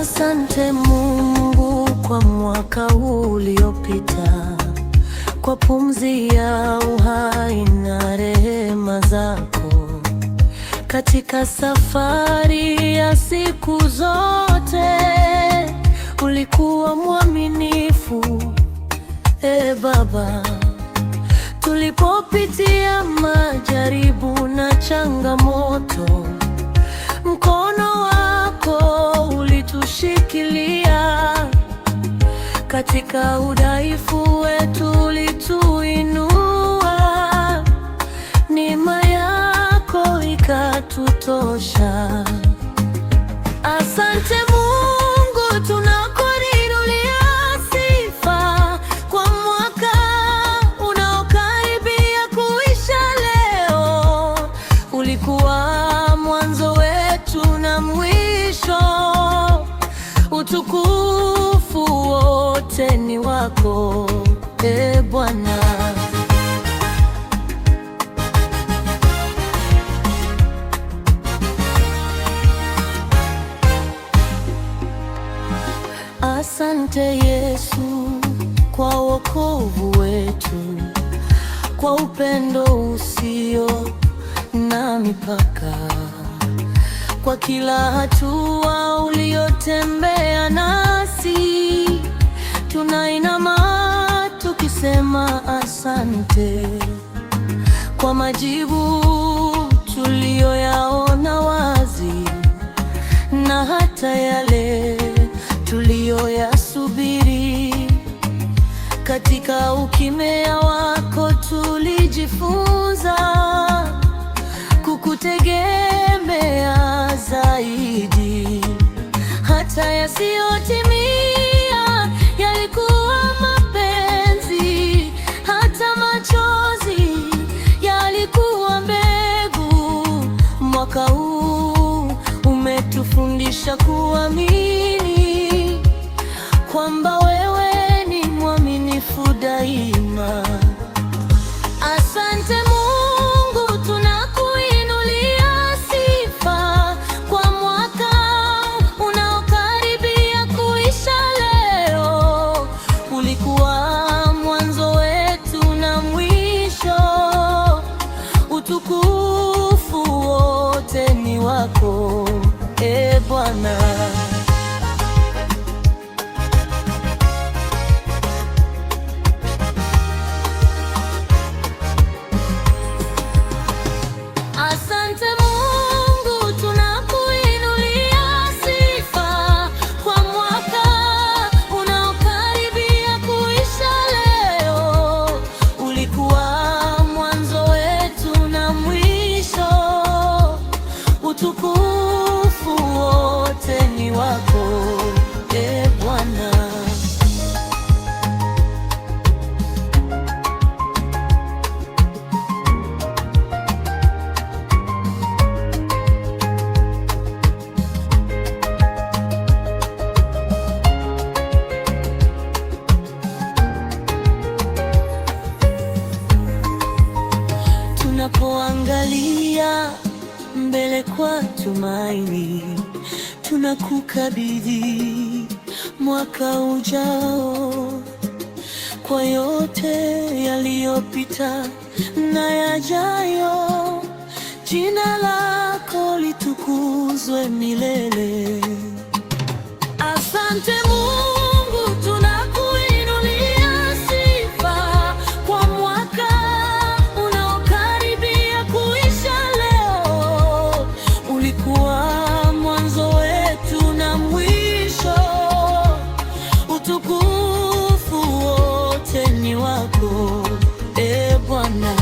Asante Mungu kwa mwaka uliopita, kwa pumzi ya uhai na rehema zako. Katika safari ya siku zote ulikuwa mwaminifu, e Baba. Tulipopitia majaribu na changamoto katika udhaifu wetu ulituinua, neema yako ikatutosha. Asante Mungu, tunakuinulia sifa kwa mwaka unaokaribia kuisha. Leo ulikuwa mwanzo wetu na mwisho utuku wote ni wako, e Bwana. Asante Yesu kwa wokovu wetu, kwa upendo usio na mipaka, kwa kila hatua uliyotembea nasi tunainama tukisema asante kwa majibu tuliyoyaona wazi na hata yale tuliyoyasubiri. Katika ukimya wako tulijifunza kukutegemea zaidi hata yasiyoti umetufundisha kuamini kwamba wewe ni mwaminifu daima. kwa tumaini, tunakukabidhi mwaka ujao. Kwa yote yaliyopita na yajayo, jina lako litukuzwe milele. wako, e Bwana.